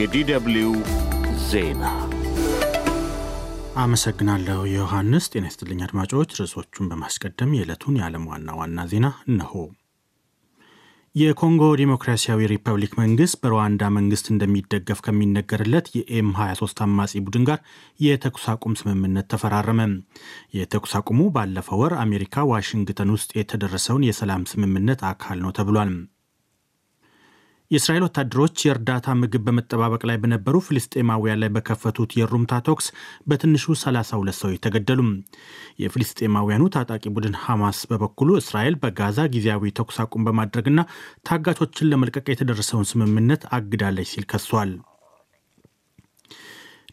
የዲደብሊው ዜና አመሰግናለሁ ዮሐንስ። ጤና ይስጥልኝ አድማጮች። ርዕሶቹን በማስቀደም የዕለቱን የዓለም ዋና ዋና ዜና እነሆ። የኮንጎ ዲሞክራሲያዊ ሪፐብሊክ መንግስት በሩዋንዳ መንግስት እንደሚደገፍ ከሚነገርለት የኤም 23 አማጺ ቡድን ጋር የተኩስ አቁም ስምምነት ተፈራረመ። የተኩስ አቁሙ ባለፈው ወር አሜሪካ ዋሽንግተን ውስጥ የተደረሰውን የሰላም ስምምነት አካል ነው ተብሏል። የእስራኤል ወታደሮች የእርዳታ ምግብ በመጠባበቅ ላይ በነበሩ ፍልስጤማውያን ላይ በከፈቱት የሩምታ ተኩስ በትንሹ 32 ሰዎች ተገደሉም። የፍልስጤማውያኑ ታጣቂ ቡድን ሐማስ በበኩሉ እስራኤል በጋዛ ጊዜያዊ ተኩስ አቁም በማድረግና ታጋቾችን ለመልቀቅ የተደረሰውን ስምምነት አግዳለች ሲል ከሷል።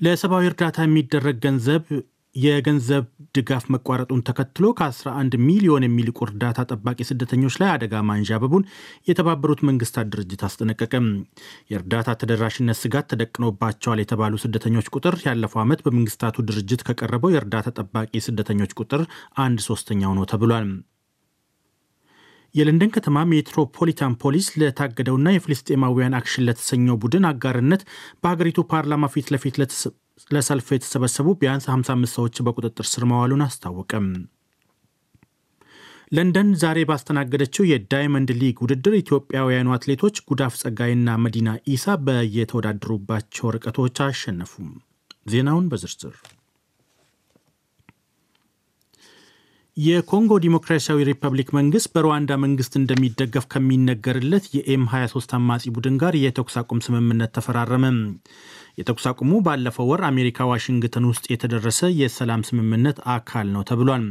ለሰብአዊ እርዳታ የሚደረግ ገንዘብ የገንዘብ ድጋፍ መቋረጡን ተከትሎ ከ11 ሚሊዮን የሚልቁ እርዳታ ጠባቂ ስደተኞች ላይ አደጋ ማንዣበቡን የተባበሩት መንግስታት ድርጅት አስጠነቀቀም። የእርዳታ ተደራሽነት ስጋት ተደቅኖባቸዋል የተባሉ ስደተኞች ቁጥር ያለፈው ዓመት በመንግስታቱ ድርጅት ከቀረበው የእርዳታ ጠባቂ ስደተኞች ቁጥር አንድ ሶስተኛው ነው ተብሏል። የለንደን ከተማ ሜትሮፖሊታን ፖሊስ ለታገደውና የፍልስጤማውያን አክሽን ለተሰኘው ቡድን አጋርነት በሀገሪቱ ፓርላማ ፊት ለፊት ለሰልፍ የተሰበሰቡ ቢያንስ 55 ሰዎች በቁጥጥር ስር መዋሉን አስታወቀም። ለንደን ዛሬ ባስተናገደችው የዳይመንድ ሊግ ውድድር ኢትዮጵያውያኑ አትሌቶች ጉዳፍ ጸጋይና መዲና ኢሳ በየተወዳደሩባቸው ርቀቶች አሸነፉም። ዜናውን በዝርዝር የኮንጎ ዲሞክራሲያዊ ሪፐብሊክ መንግስት በሩዋንዳ መንግስት እንደሚደገፍ ከሚነገርለት የኤም 23 አማጺ ቡድን ጋር የተኩስ አቁም ስምምነት ተፈራረመ። የተኩስ አቁሙ ባለፈው ወር አሜሪካ ዋሽንግተን ውስጥ የተደረሰ የሰላም ስምምነት አካል ነው ተብሏል።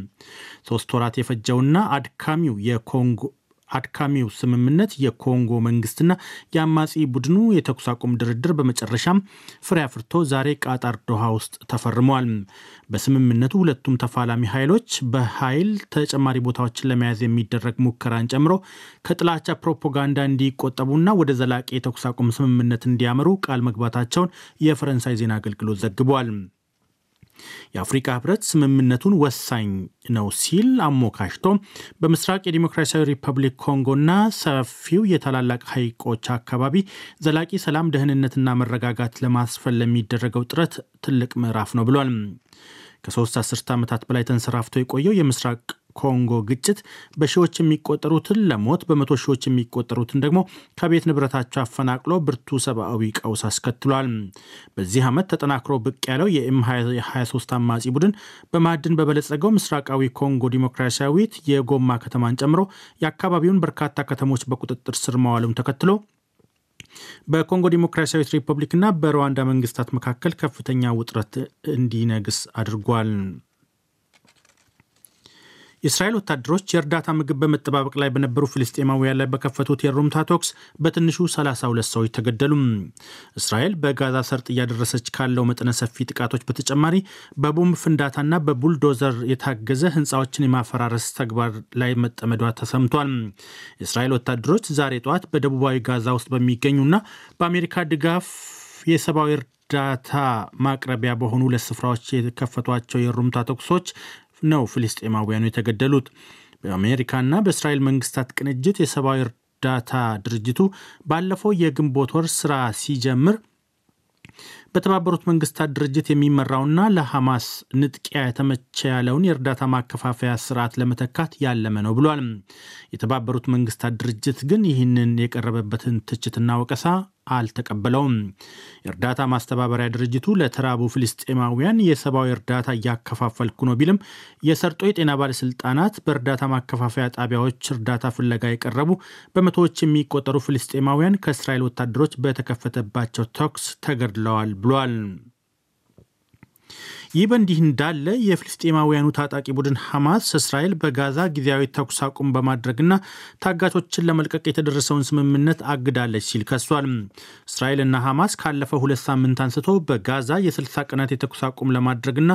ሶስት ወራት የፈጀውና አድካሚው የኮንጎ አድካሚው ስምምነት የኮንጎ መንግስትና የአማጺ ቡድኑ የተኩስ አቁም ድርድር በመጨረሻም ፍሬ አፍርቶ ዛሬ ቃጣር ዶሃ ውስጥ ተፈርመዋል። በስምምነቱ ሁለቱም ተፋላሚ ኃይሎች በኃይል ተጨማሪ ቦታዎችን ለመያዝ የሚደረግ ሙከራን ጨምሮ ከጥላቻ ፕሮፓጋንዳ እንዲቆጠቡና ወደ ዘላቂ የተኩስ አቁም ስምምነት እንዲያመሩ ቃል መግባታቸውን የፈረንሳይ ዜና አገልግሎት ዘግቧል። የአፍሪካ ህብረት ስምምነቱን ወሳኝ ነው ሲል አሞካሽቶ በምስራቅ የዲሞክራሲያዊ ሪፐብሊክ ኮንጎ ና ሰፊው የታላላቅ ሀይቆች አካባቢ ዘላቂ ሰላም፣ ደህንነትና መረጋጋት ለማስፈል ለሚደረገው ጥረት ትልቅ ምዕራፍ ነው ብሏል። ከሶስት አስርት ዓመታት በላይ ተንሰራፍቶ የቆየው የምስራቅ ኮንጎ ግጭት በሺዎች የሚቆጠሩትን ለሞት በመቶ ሺዎች የሚቆጠሩትን ደግሞ ከቤት ንብረታቸው አፈናቅሎ ብርቱ ሰብአዊ ቀውስ አስከትሏል። በዚህ ዓመት ተጠናክሮ ብቅ ያለው የኤም 23 አማጺ ቡድን በማዕድን በበለጸገው ምስራቃዊ ኮንጎ ዲሞክራሲያዊት የጎማ ከተማን ጨምሮ የአካባቢውን በርካታ ከተሞች በቁጥጥር ስር መዋሉን ተከትሎ በኮንጎ ዲሞክራሲያዊት ሪፐብሊክና በሩዋንዳ መንግስታት መካከል ከፍተኛ ውጥረት እንዲነግስ አድርጓል። የእስራኤል ወታደሮች የእርዳታ ምግብ በመጠባበቅ ላይ በነበሩ ፍልስጤማውያን ላይ በከፈቱት የሩምታ ተኩስ በትንሹ 32 ሰዎች ተገደሉም። እስራኤል በጋዛ ሰርጥ እያደረሰች ካለው መጠነ ሰፊ ጥቃቶች በተጨማሪ በቦምብ ፍንዳታና በቡልዶዘር የታገዘ ህንፃዎችን የማፈራረስ ተግባር ላይ መጠመዷ ተሰምቷል። የእስራኤል ወታደሮች ዛሬ ጠዋት በደቡባዊ ጋዛ ውስጥ በሚገኙና በአሜሪካ ድጋፍ የሰብአዊ እርዳታ ማቅረቢያ በሆኑ ሁለት ስፍራዎች የከፈቷቸው የሩምታ ተኩሶች ነው ፍልስጤማውያኑ የተገደሉት። በአሜሪካና በእስራኤል መንግስታት ቅንጅት የሰብአዊ እርዳታ ድርጅቱ ባለፈው የግንቦት ወር ስራ ሲጀምር በተባበሩት መንግስታት ድርጅት የሚመራውና ለሐማስ ንጥቂያ የተመቸ ያለውን የእርዳታ ማከፋፈያ ስርዓት ለመተካት ያለመ ነው ብሏል። የተባበሩት መንግስታት ድርጅት ግን ይህንን የቀረበበትን ትችትና ወቀሳ አልተቀበለውም። የእርዳታ ማስተባበሪያ ድርጅቱ ለተራቡ ፍልስጤማውያን የሰብአዊ እርዳታ እያከፋፈልኩ ነው ቢልም የሰርጦ የጤና ባለስልጣናት በእርዳታ ማከፋፈያ ጣቢያዎች እርዳታ ፍለጋ የቀረቡ በመቶዎች የሚቆጠሩ ፍልስጤማውያን ከእስራኤል ወታደሮች በተከፈተባቸው ተኩስ ተገድለዋል ብሏል። ይህ በእንዲህ እንዳለ የፍልስጤማውያኑ ታጣቂ ቡድን ሐማስ እስራኤል በጋዛ ጊዜያዊ ተኩስ አቁም በማድረግና ታጋቾችን ለመልቀቅ የተደረሰውን ስምምነት አግዳለች ሲል ከሷል። እስራኤልና ሐማስ ካለፈው ሁለት ሳምንት አንስቶ በጋዛ የ60 ቀናት የተኩስ አቁም ለማድረግና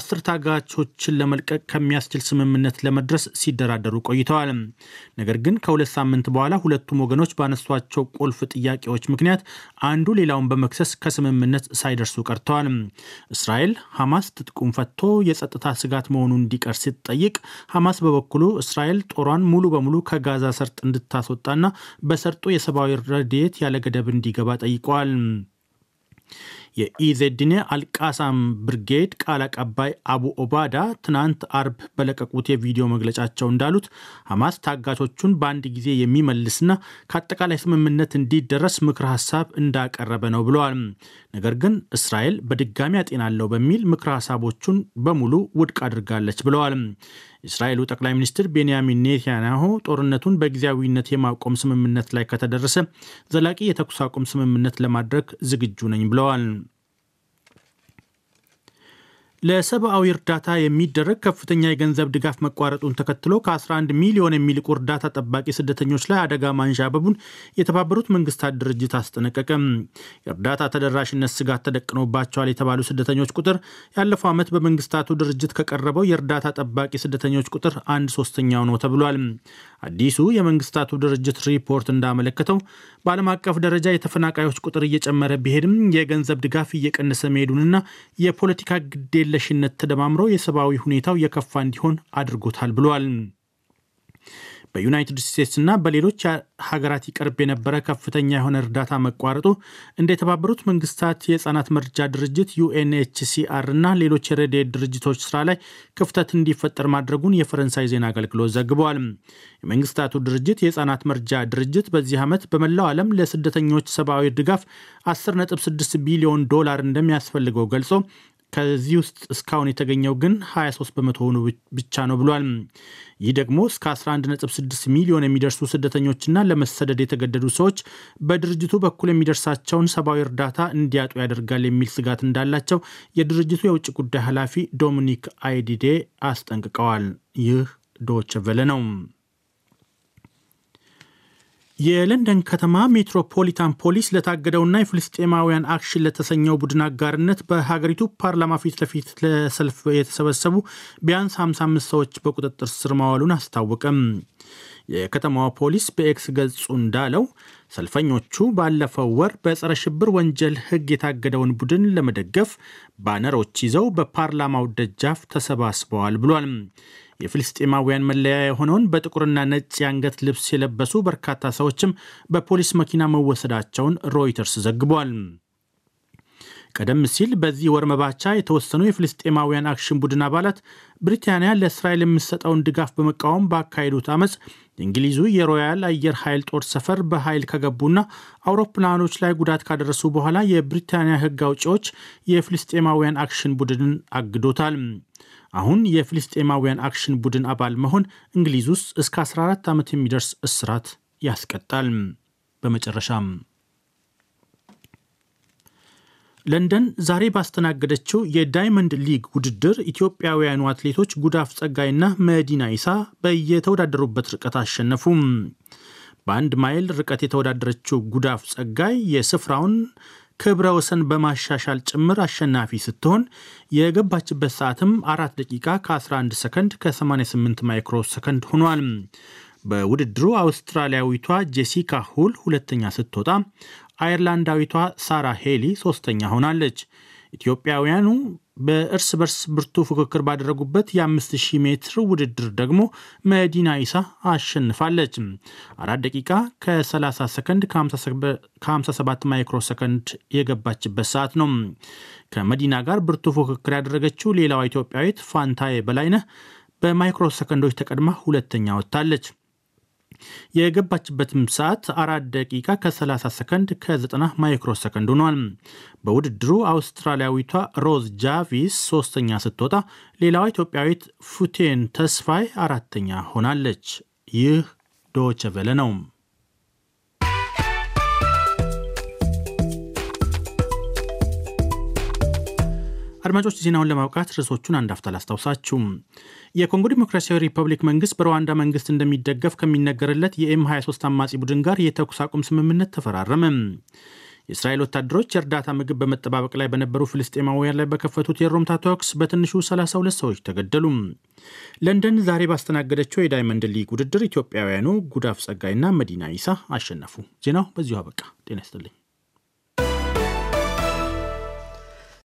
አስር ታጋቾችን ለመልቀቅ ከሚያስችል ስምምነት ለመድረስ ሲደራደሩ ቆይተዋል። ነገር ግን ከሁለት ሳምንት በኋላ ሁለቱም ወገኖች ባነሷቸው ቁልፍ ጥያቄዎች ምክንያት አንዱ ሌላውን በመክሰስ ከስምምነት ሳይደርሱ ቀርተዋል። እስራኤል ሐማስ ትጥቁን ፈቶ የጸጥታ ስጋት መሆኑ እንዲቀር ሲጠይቅ፣ ሐማስ በበኩሉ እስራኤል ጦሯን ሙሉ በሙሉ ከጋዛ ሰርጥ እንድታስወጣና በሰርጡ የሰብአዊ ረድኤት ያለ ገደብ እንዲገባ ጠይቋል። የኢዜድኔ አልቃሳም ብርጌድ ቃል አቀባይ አቡ ኦባዳ ትናንት አርብ በለቀቁት የቪዲዮ መግለጫቸው እንዳሉት ሐማስ ታጋቾቹን በአንድ ጊዜ የሚመልስና ከአጠቃላይ ስምምነት እንዲደረስ ምክር ሀሳብ እንዳቀረበ ነው ብለዋል። ነገር ግን እስራኤል በድጋሚ አጤናለሁ በሚል ምክር ሀሳቦቹን በሙሉ ውድቅ አድርጋለች ብለዋል። የእስራኤሉ ጠቅላይ ሚኒስትር ቤንያሚን ኔታንያሁ ጦርነቱን በጊዜያዊነት የማቆም ስምምነት ላይ ከተደረሰ ዘላቂ የተኩስ አቁም ስምምነት ለማድረግ ዝግጁ ነኝ ብለዋል። ለሰብአዊ እርዳታ የሚደረግ ከፍተኛ የገንዘብ ድጋፍ መቋረጡን ተከትሎ ከ11 ሚሊዮን የሚልቁ እርዳታ ጠባቂ ስደተኞች ላይ አደጋ ማንዣበቡን የተባበሩት መንግስታት ድርጅት አስጠነቀቀ። የእርዳታ ተደራሽነት ስጋት ተደቅኖባቸዋል የተባሉ ስደተኞች ቁጥር ያለፈው ዓመት በመንግስታቱ ድርጅት ከቀረበው የእርዳታ ጠባቂ ስደተኞች ቁጥር አንድ ሶስተኛው ነው ተብሏል። አዲሱ የመንግስታቱ ድርጅት ሪፖርት እንዳመለከተው በዓለም አቀፍ ደረጃ የተፈናቃዮች ቁጥር እየጨመረ ቢሄድም የገንዘብ ድጋፍ እየቀነሰ መሄዱንና የፖለቲካ ግዴለ የለሽነት ተደማምሮ የሰብአዊ ሁኔታው የከፋ እንዲሆን አድርጎታል ብሏል። በዩናይትድ እና በሌሎች ሀገራት ይቀርብ የነበረ ከፍተኛ የሆነ እርዳታ መቋረጡ እንደ የተባበሩት መንግስታት የህጻናት መርጃ ድርጅት ዩኤንኤችሲአር እና ሌሎች የረድኤት ድርጅቶች ስራ ላይ ክፍተት እንዲፈጠር ማድረጉን የፈረንሳይ ዜና አገልግሎት ዘግቧል። የመንግስታቱ ድርጅት የህጻናት መርጃ ድርጅት በዚህ ዓመት በመላው ዓለም ለስደተኞች ሰብአዊ ድጋፍ 10.6 ቢሊዮን ዶላር እንደሚያስፈልገው ገልጾ ከዚህ ውስጥ እስካሁን የተገኘው ግን 23 በመቶ ሆኖ ብቻ ነው ብሏል። ይህ ደግሞ እስከ 11.6 ሚሊዮን የሚደርሱ ስደተኞችና ለመሰደድ የተገደዱ ሰዎች በድርጅቱ በኩል የሚደርሳቸውን ሰብአዊ እርዳታ እንዲያጡ ያደርጋል የሚል ስጋት እንዳላቸው የድርጅቱ የውጭ ጉዳይ ኃላፊ ዶሚኒክ አይዲዴ አስጠንቅቀዋል። ይህ ዶቸቨለ ነው። የለንደን ከተማ ሜትሮፖሊታን ፖሊስ ለታገደውና የፍልስጤማውያን አክሽን ለተሰኘው ቡድን አጋርነት በሀገሪቱ ፓርላማ ፊት ለፊት ለሰልፍ የተሰበሰቡ ቢያንስ 55 ሰዎች በቁጥጥር ስር ማዋሉን አስታወቀም። የከተማዋ ፖሊስ በኤክስ ገጹ እንዳለው ሰልፈኞቹ ባለፈው ወር በጸረ ሽብር ወንጀል ሕግ የታገደውን ቡድን ለመደገፍ ባነሮች ይዘው በፓርላማው ደጃፍ ተሰባስበዋል ብሏል። የፍልስጤማውያን መለያ የሆነውን በጥቁርና ነጭ የአንገት ልብስ የለበሱ በርካታ ሰዎችም በፖሊስ መኪና መወሰዳቸውን ሮይተርስ ዘግቧል። ቀደም ሲል በዚህ ወር መባቻ የተወሰኑ የፍልስጤማውያን አክሽን ቡድን አባላት ብሪታንያ ለእስራኤል የምትሰጠውን ድጋፍ በመቃወም ባካሄዱት አመፅ የእንግሊዙ የሮያል አየር ኃይል ጦር ሰፈር በኃይል ከገቡና አውሮፕላኖች ላይ ጉዳት ካደረሱ በኋላ የብሪታንያ ህግ አውጪዎች የፍልስጤማውያን አክሽን ቡድንን አግዶታል። አሁን የፍልስጤማውያን አክሽን ቡድን አባል መሆን እንግሊዝ ውስጥ እስከ 14 ዓመት የሚደርስ እስራት ያስቀጣል። በመጨረሻም ለንደን ዛሬ ባስተናገደችው የዳይመንድ ሊግ ውድድር ኢትዮጵያውያኑ አትሌቶች ጉዳፍ ጸጋይና መዲና ይሳ በየተወዳደሩበት ርቀት አሸነፉም። በአንድ ማይል ርቀት የተወዳደረችው ጉዳፍ ጸጋይ የስፍራውን ክብረ ወሰን በማሻሻል ጭምር አሸናፊ ስትሆን የገባችበት ሰዓትም 4 ደቂቃ ከ11 ሰከንድ ከ88 ማይክሮ ሰከንድ ሆኗል። በውድድሩ አውስትራሊያዊቷ ጄሲካ ሁል ሁለተኛ ስትወጣ አየርላንዳዊቷ ሳራ ሄሊ ሶስተኛ ሆናለች። ኢትዮጵያውያኑ በእርስ በርስ ብርቱ ፉክክር ባደረጉበት የ5000 ሜትር ውድድር ደግሞ መዲና ኢሳ አሸንፋለች። አራት ደቂቃ ከ30 ሰከንድ ከ57 ማይክሮ ሰከንድ የገባችበት ሰዓት ነው። ከመዲና ጋር ብርቱ ፉክክር ያደረገችው ሌላዋ ኢትዮጵያዊት ፋንታዬ በላይነህ በማይክሮ ሰከንዶች ተቀድማ ሁለተኛ ወጥታለች። የገባችበትም ሰዓት አራት ደቂቃ ከ30 ሰከንድ ከ90 ማይክሮ ሰከንድ ሆኗል። በውድድሩ አውስትራሊያዊቷ ሮዝ ጃቪስ ሶስተኛ ስትወጣ፣ ሌላዋ ኢትዮጵያዊት ፉቴን ተስፋይ አራተኛ ሆናለች። ይህ ዶቸቨለ ነው። አድማጮች ዜናውን ለማብቃት ርዕሶቹን አንድ አፍታ ላስታውሳችሁ። የኮንጎ ዲሞክራሲያዊ ሪፐብሊክ መንግስት በሩዋንዳ መንግስት እንደሚደገፍ ከሚነገርለት የኤም 23 አማጺ ቡድን ጋር የተኩስ አቁም ስምምነት ተፈራረመ። የእስራኤል ወታደሮች የእርዳታ ምግብ በመጠባበቅ ላይ በነበሩ ፍልስጤማውያን ላይ በከፈቱት የሮምታ ተኩስ በትንሹ 32 ሰዎች ተገደሉ። ለንደን ዛሬ ባስተናገደችው የዳይመንድ ሊግ ውድድር ኢትዮጵያውያኑ ጉዳፍ ጸጋይና መዲና ይሳ አሸነፉ። ዜናው በዚሁ አበቃ። ጤና ይስጥልኝ።